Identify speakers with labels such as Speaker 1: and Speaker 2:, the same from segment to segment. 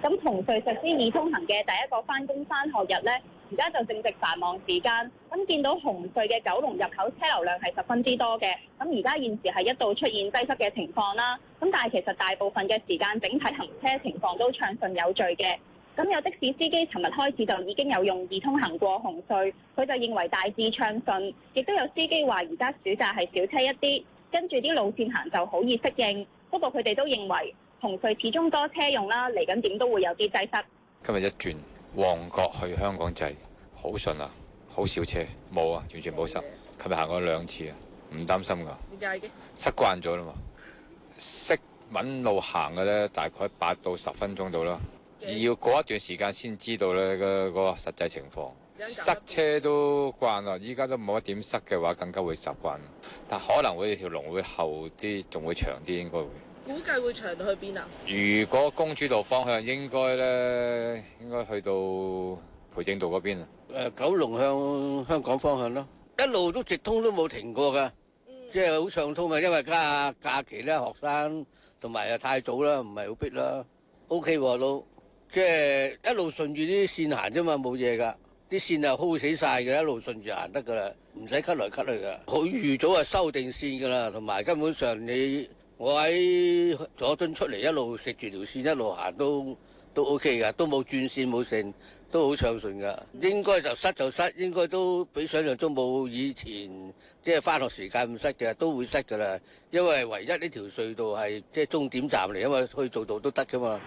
Speaker 1: 咁紅隧實施易通行嘅第一個返工返學日呢，而家就正值繁忙時間，咁見到紅隧嘅九龍入口車流量係十分之多嘅，咁而家現時係一度出現擠塞嘅情況啦。咁但係其實大部分嘅時間，整體行車情況都暢順有序嘅。咁有的士司機尋日開始就已經有用易通行過紅隧，佢就認為大致暢順，亦都有司機話而家暑假係少車一啲，跟住啲路線行就好易適應。不過佢哋都認為。同佢始終多車用啦，嚟緊點都會有
Speaker 2: 啲擠塞。今日一轉旺角去香港仔好順啦，好少車，冇啊，完全冇塞。琴日，的行過兩次啊，唔擔心噶。點解嘅？塞慣咗啦嘛，識搵路行嘅咧，大概八到十分鐘到啦。的要過一段時間先知道咧個、那個實際情況。的塞車都慣啦，依家都冇一點塞嘅話，更加會習慣。但可能會條龍會厚啲，仲會長啲，應該會。
Speaker 3: 估計會
Speaker 2: 長到去邊啊？如果公主道方向，應該咧應該去到培正道嗰邊啊。
Speaker 3: 誒、呃，九龍向香港方向咯，一路都直通都冇停過噶，嗯、即係好暢通啊。因為家下假期咧，學生同埋又太早啦，唔係好逼啦。O、OK、K，、啊、老，即係一路順住啲線行啫嘛，冇嘢噶。啲線啊，hold 死晒嘅，一路順住行得噶啦，唔使 cut 來 cut 去噶。佢預早係修定線噶啦，同埋根本上你。我喺佐敦出嚟，一路食住條線，一路行都都 O K 噶，都冇轉線冇剩，都好暢順噶。應該就塞就塞，應該都比想像中冇以前即係翻學時間唔塞嘅，都會塞噶啦。因為唯一呢條隧道係即係終點站嚟，因為去做到都得噶嘛。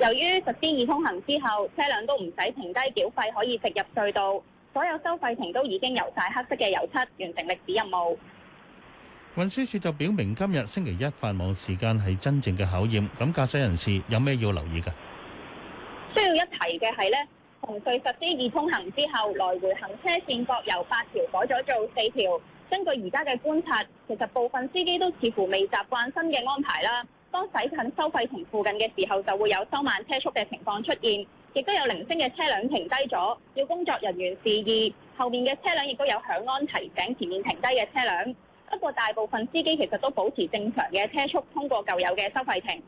Speaker 1: 由於實施易通行之後，車輛都唔使停低繳費，可以直入隧道。所有收費亭都已經油晒黑色嘅油漆，完成歷史任務。
Speaker 4: 運輸署就表明，今日星期一繁忙時間係真正嘅考驗。咁駕駛人士有咩要留意嘅？
Speaker 1: 需要一提嘅係呢，紅隧實施易通行之後，來回行車線各由八條改咗做四條。根據而家嘅觀察，其實部分司機都似乎未習慣新嘅安排啦。當駛近收費亭附近嘅時候，就會有收慢車速嘅情況出現，亦都有零星嘅車輛停低咗，要工作人員示意後面嘅車輛，亦都有響安提醒前面停低嘅車輛。不過，大部分司機其實都保持正常嘅車速通過舊有嘅收費亭。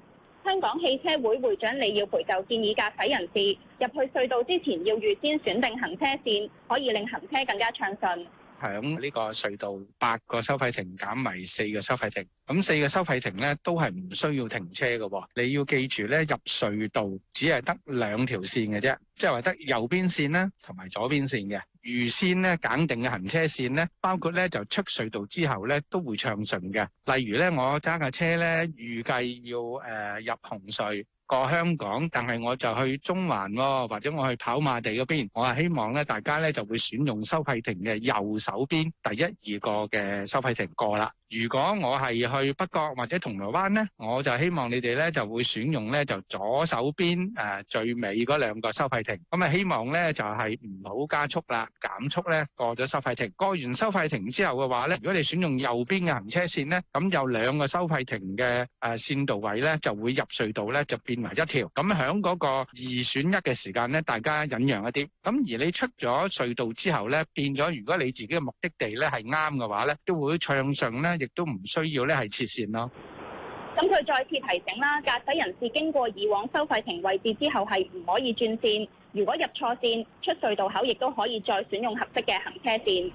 Speaker 1: 香港汽車會會長李耀培就建議駕駛人士入去隧道之前要預先選定行車線，可以令行車更加暢順。
Speaker 4: 喺呢個隧道八個收費亭減為四個收費亭，咁四個收費亭咧都係唔需要停車嘅。你要記住咧，入隧道只係得兩條線嘅啫。即係話得右邊線咧，同埋左邊線嘅預先咧揀定嘅行車線咧，包括咧就出隧道之後咧都會暢順嘅。例如咧，我揸架車咧預計要誒、呃、入洪隧紅隧過香港，但係我就去中環喎，或者我去跑馬地嗰邊，我係希望咧大家咧就會選用收費亭嘅右手邊第一二個第一、二個嘅收費亭過啦。如果我係去北角或者銅鑼灣呢，我就希望你哋呢就會選用呢就左手邊誒最尾嗰兩個收費亭。咁啊希望呢就係唔好加速啦，減速呢過咗收費亭，過完收費亭之後嘅話呢，如果你選用右邊嘅行車線呢，咁有兩個收費亭嘅誒線道位呢就會入隧道呢就變埋一條。咁喺嗰個二選一嘅時間呢，大家忍讓一啲。咁而你出咗隧道之後呢，變咗如果你自己嘅目的地呢係啱嘅話呢，都會暢順呢。亦都唔需要咧，係切線咯。
Speaker 1: 咁佢再次提醒啦，駕駛人士經過以往收費亭位置之後，係唔可以轉線。如果入錯線，出隧道口亦都可以再選用合適嘅行車線。